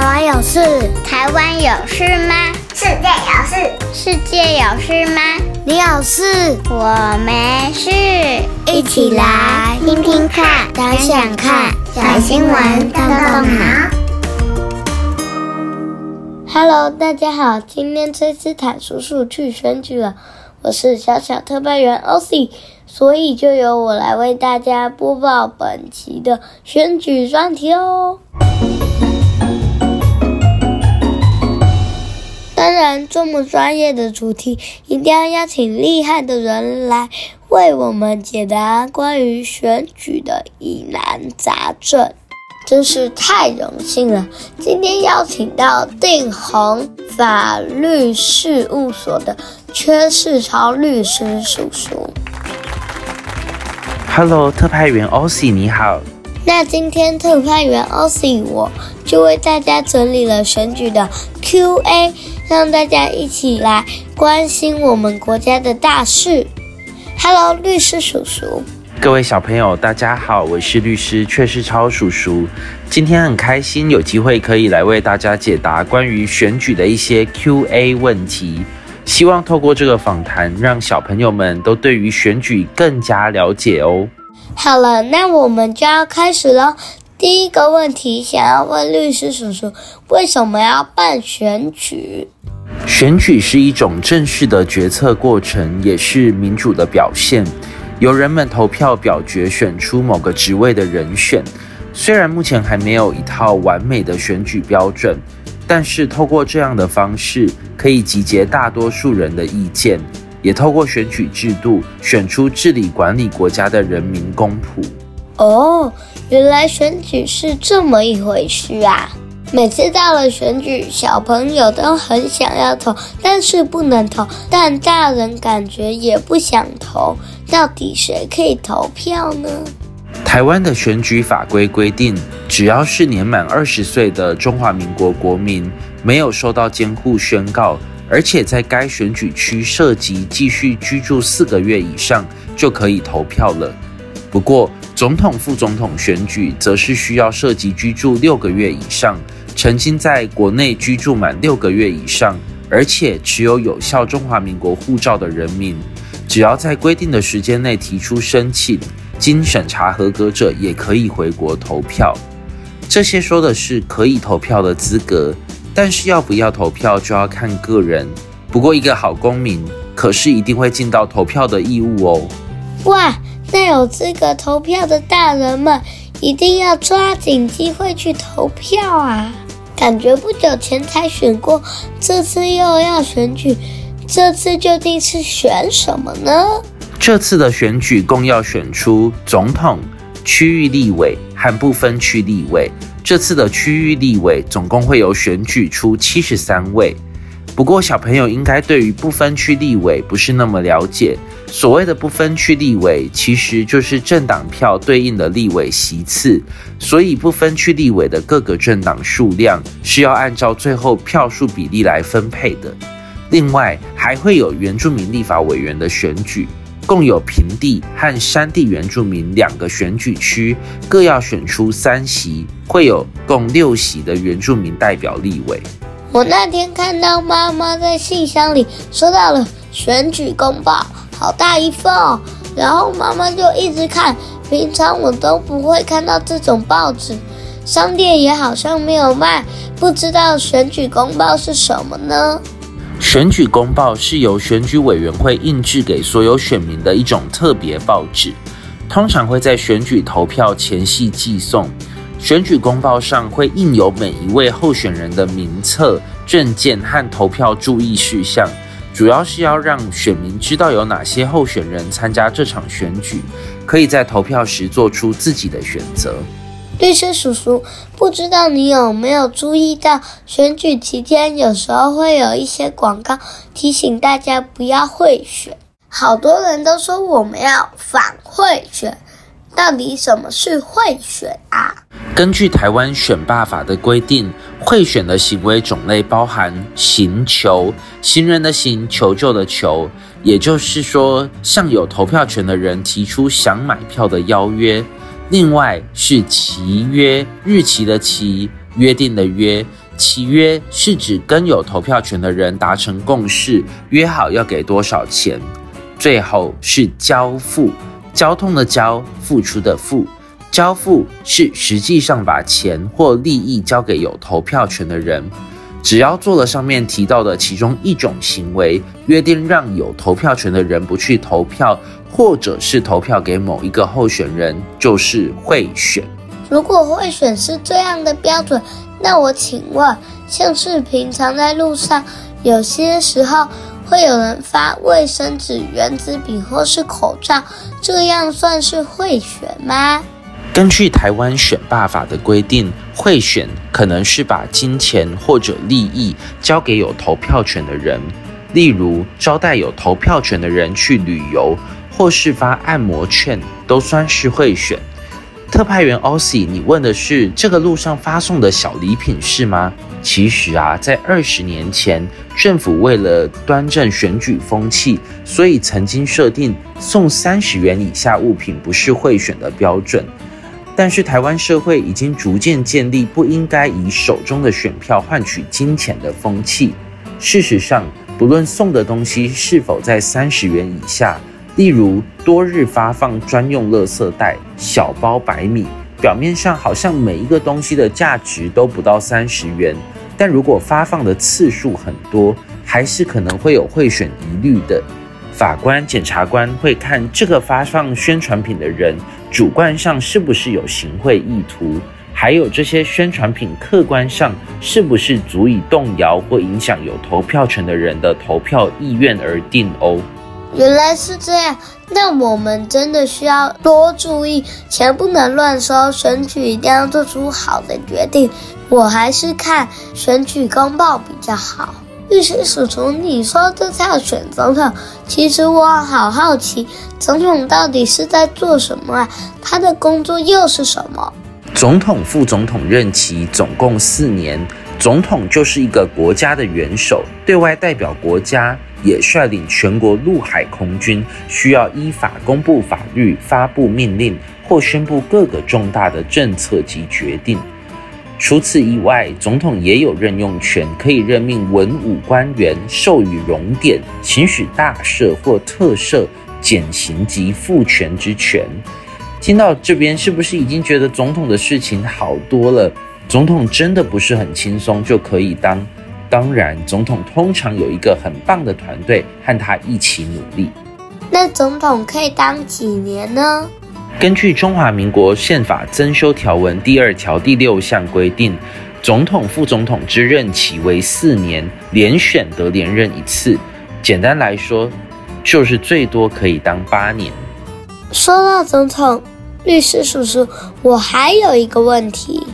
台灣有事？台灣有事嗎？世界有事？世界有事嗎？你有事，我沒事。一起來聽聽看，想想看，講講小新聞，動動腦。Hello，大家好，今天崔斯坦叔叔去選舉了，我是小小特派員 Osy，所以就由我來為大家播報本期的選舉專題哦。當然，這麼專業的主題，一定要邀請厲害的人來為我們解答關於選舉的疑難雜症，真是太榮幸了。今天邀請到定恆法律事務所的闕世超律師叔叔。Hello，特派員 OC，你好。那今天特派員 OC，我就為大家整理了選舉的 QA。讓大家一起來關心我們國家的大事。Hello，律師叔叔，各位小朋友，大家好，我是律師闕世超叔叔。今天很開心有機會可以來為大家解答關於選舉的一些 Q&A 問題，希望透過這個訪談，讓小朋友們都對於選舉更加了解哦。好了，那我們就要開始了。第一個問題，想要問律師叔叔，為什麼要辦選舉？選舉是一種正式的決策過程，也是民主的表現，由人們投票表決選出某個職位的人選。雖然目前還沒有一套完美的選舉標準，但是透過這樣的方式，可以集結大多數人的意見，也透過選舉制度選出治理管理國家的人民公僕。哦。原來選舉是這麼一回事啊！每次到了選舉，小朋友都很想要投，但是不能投。但大人感覺也不想投。到底誰可以投票呢？台灣的選舉法規規定，只要是年滿二十歲的中華民國國民，沒有受到監護宣告，而且在該選舉區涉及繼續居住四個月以上，就可以投票了。不過，總統、副總統選舉則是需要設籍居住六個月以上，曾經在國內居住滿六個月以上，而且持有有效中華民國護照的人民，只要在規定的時間內提出申請，經審查合格者也可以回國投票。這些說的是可以投票的資格，但是要不要投票就要看個人。不過，一個好公民可是一定會盡到投票的義務哦。哇！那有資格投票的大人們，一定要抓緊機會去投票啊！感覺不久前才選過，這次又要選舉，這次究竟是選什麼呢？這次的選舉共要選出總統、區域立委和不分區立委。這次的區域立委總共會有選舉出七十三位。不過，小朋友應該對於不分區立委不是那麼了解。所謂的不分區立委，其實就是政黨票對應的立委席次，所以不分區立委的各個政黨數量是要按照最後票數比例來分配的。另外，還會有原住民立法委員的選舉，共有平地和山地原住民兩個選舉區，各要選出三席，會有共六席的原住民代表立委。我那天看到媽媽在信箱裡收到了選舉公報。好大一份哦，然後媽媽就一直看。平常我都不會看到這種報紙，商店也好像沒有賣。不知道選舉公報是什麼呢？選舉公報是由選舉委員會印制給所有選民的一種特別報紙，通常會在選舉投票前夕寄送。選舉公報上會印有每一位候選人的名冊、政見和投票注意事項。主要是要讓選民知道有哪些候選人參加這場選舉，可以在投票時做出自己的選擇。律師叔叔，不知道你有沒有注意到，選舉期間有時候會有一些廣告提醒大家不要賄選。好多人都說我們要反賄選，到底什麼是賄選啊？根據台灣選罷法的規定，賄選的行為種類包含行求，行人的行，求救的求，也就是說向有投票權的人提出想買票的邀約。另外是期約，日期的期，約定的約。期約是指跟有投票權的人達成共識，約好要給多少錢。最後是交付，交通的交，付出的付。交付是實際上把錢或利益交給有投票權的人。只要做了上面提到的其中一種行為，約定讓有投票權的人不去投票，或者是投票給某一個候選人，就是賄選。如果賄選是這樣的標準，那我請問，像是平常在路上有些時候會有人發衛生紙、原子筆或是口罩，這樣算是賄選嗎？根據台灣選罷法的規定，賄選可能是把金錢或者利益交給有投票權的人，例如招待有投票權的人去旅遊，或是發按摩券，都算是賄選。特派員 Osy，你問的是這個路上發送的小禮品是嗎？其實啊，在二十年前，政府為了端正選舉風氣，所以曾經設定送三十元以下物品不是賄選的標準。但是台灣社會已經逐漸建立不應該以手中的選票換取金錢的風氣。事實上，不論送的東西是否在三十元以下，例如多日發放專用垃圾袋、小包白米，表面上好像每一個東西的價值都不到三十元，但如果發放的次數很多，還是可能會有賄選疑慮的。法官、檢察官會看這個發放宣傳品的人主觀上是不是有行賄意圖，還有這些宣傳品客觀上是不是足以動搖或影響有投票權的人的投票意願而定哦。原來是這樣，那我們真的需要多注意，錢不能亂收，選舉一定要做出好的決定。我還是看《選舉公報》比較好。律師鼠鼠，從你說這次要選總統？其實我好好奇，總統到底是在做什麼啊？他的工作又是什麼？總統、副總統任期總共四年。總統就是一個國家的元首，對外代表國家，也率領全國陸海空軍。需要依法公布法律、發布命令或宣布各個重大的政策及決定。除此以外，總統也有任用權，可以任命文武官員，授予榮典，行使大赦或特赦、減刑及復權之權。聽到這邊，是不是已經覺得總統的事情好多了？總統真的不是很輕鬆就可以當。當然，總統通常有一個很棒的團隊和他一起努力。那總統可以當幾年呢？根據《中華民國憲法》增修條文第二條第六項規定，總統、副總統之任期為四年，連選得連任一次。簡單來說，就是最多可以當八年。說到總統，律師叔叔，我還有一個問題。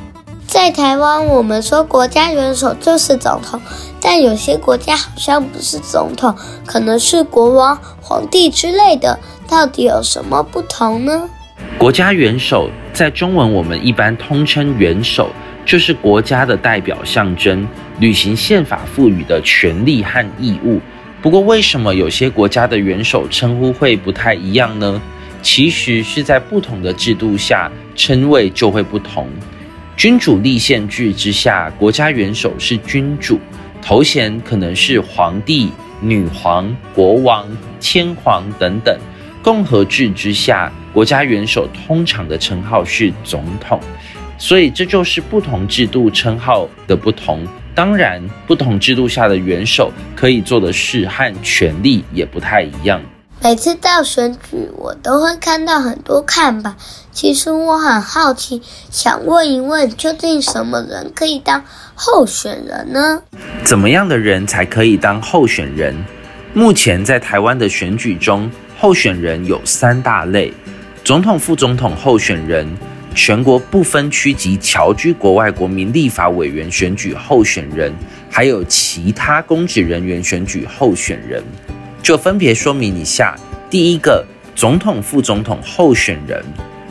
在台灣，我們說國家元首就是總統，但有些國家好像不是總統，可能是國王、皇帝之類的，到底有什麼不同呢？國家元首在中文我們一般通稱元首，就是國家的代表象徵，履行憲法賦予的權利和義務。不過，為什麼有些國家的元首稱呼會不太一樣呢？其實是在不同的制度下，稱謂就會不同。君主立憲制之下，國家元首是君主，頭銜可能是皇帝、女皇、國王、天皇等等；共和制之下，國家元首通常的稱號是總統，所以這就是不同制度稱號的不同。當然，不同制度下的元首可以做的事和權力也不太一樣。每次到選舉，我都會看到很多看法。其實我很好奇，想問一問，究竟什麼人可以當候選人呢？怎麼樣的人才可以當候選人？目前在台灣的選舉中，候選人有三大類。總統、副總統候選人、全國不分區及僑居國外國民立法委員選舉候選人，還有其他公職人員選舉候選人，就分別說明一下。第一個，總統、副總統候選人，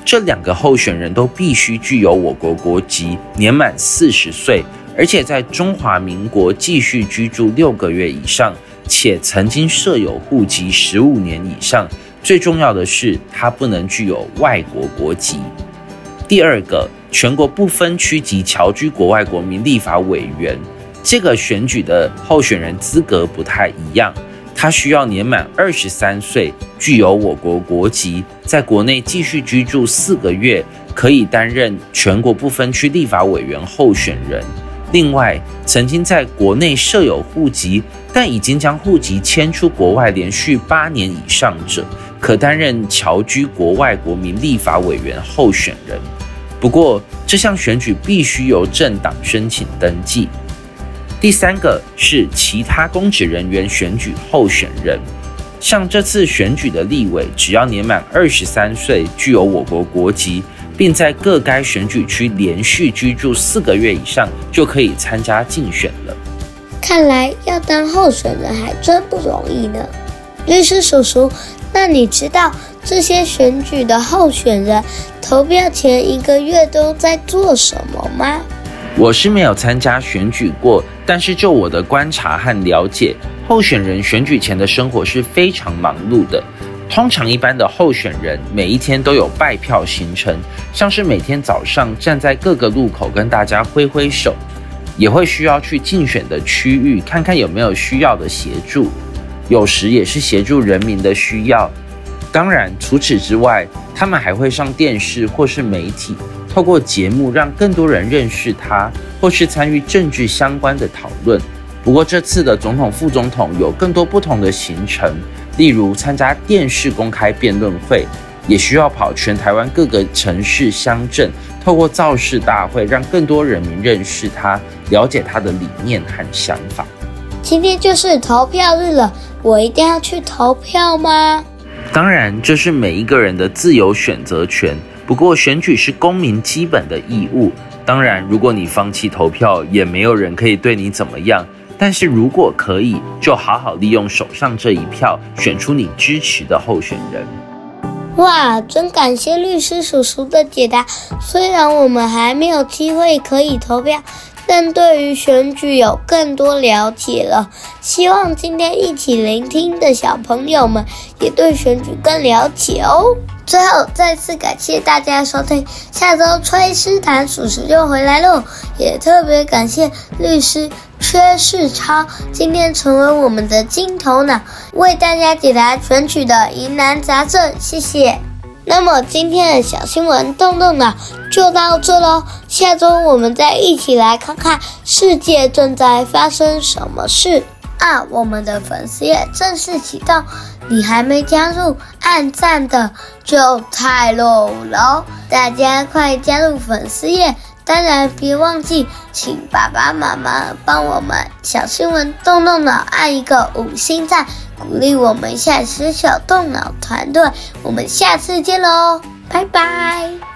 這兩個候選人都必須具有我國國籍，年滿四十歲，而且在中華民國繼續居住六個月以上，且曾經設有戶籍十五年以上。最重要的是，他不能具有外國國籍。第二個，全國不分區及僑居國外國民立法委員這個選舉的候選人資格不太一樣，他需要年滿二十三歲，具有我國國籍，在國內繼續居住四個月，可以擔任全國不分區立法委員候選人。另外，曾經在國內設有戶籍，但已經將戶籍遷出國外連續八年以上者。可擔任僑居國外國民立法委員候選人，不過這項選舉必須由政黨申請登記。第三個是其他公職人員選舉候選人，像這次選舉的立委，只要年滿二十三歲，具有我國國籍，並在各該選舉區連續居住四個月以上，就可以參加競選了。看來要當候選人還真不容易呢。律師叔叔。那你知道這些選舉的候選人投票前一個月都在做什麼嗎？我是沒有參加選舉過，但是就我的觀察和了解，候選人選舉前的生活是非常忙碌的。通常一般的候選人每一天都有拜票行程，像是每天早上站在各個路口跟大家揮揮手，也會需要去競選的區域看看有沒有需要的協助。有時也是協助人民的需要。當然，除此之外，他們還會上電視或是媒體，透過節目讓更多人認識他，或是參與政治相關的討論。不過，這次的總統副總統有更多不同的行程，例如參加電視公開辯論會，也需要跑全台灣各個城市鄉鎮，透過造勢大會，讓更多人民認識他，了解他的理念和想法。今天就是投票日了。我一定要去投票嗎？當然，這是每一個人的自由選擇權。不過，選舉是公民基本的義務。當然，如果你放棄投票，也沒有人可以對你怎麼樣。但是，如果可以，就好好利用手上這一票，選出你支持的候選人。哇，真感謝律師叔叔的解答。雖然我們還沒有機會可以投票。但對於選舉有更多了解了，希望今天一起聆聽的小朋友們也對選舉更了解哦。最後再次感謝大家收聽，下周崔斯坦主持就回來嘍，也特別感謝律師崔世超今天成為我們的金頭腦，為大家解答選舉的疑難雜症，謝謝。那麼今天的小新聞，動動腦就到這嘍。下週我們再一起來看看世界正在發生什麼事啊！我們的粉絲頁正式啟動，你還沒加入按讚的就太落伍了！大家快加入粉絲頁。當然，別忘記請爸爸媽媽幫我們小新聞動動腦，按一個五星讚，鼓勵我們下期小動腦團隊。我們下次見嘍，拜拜。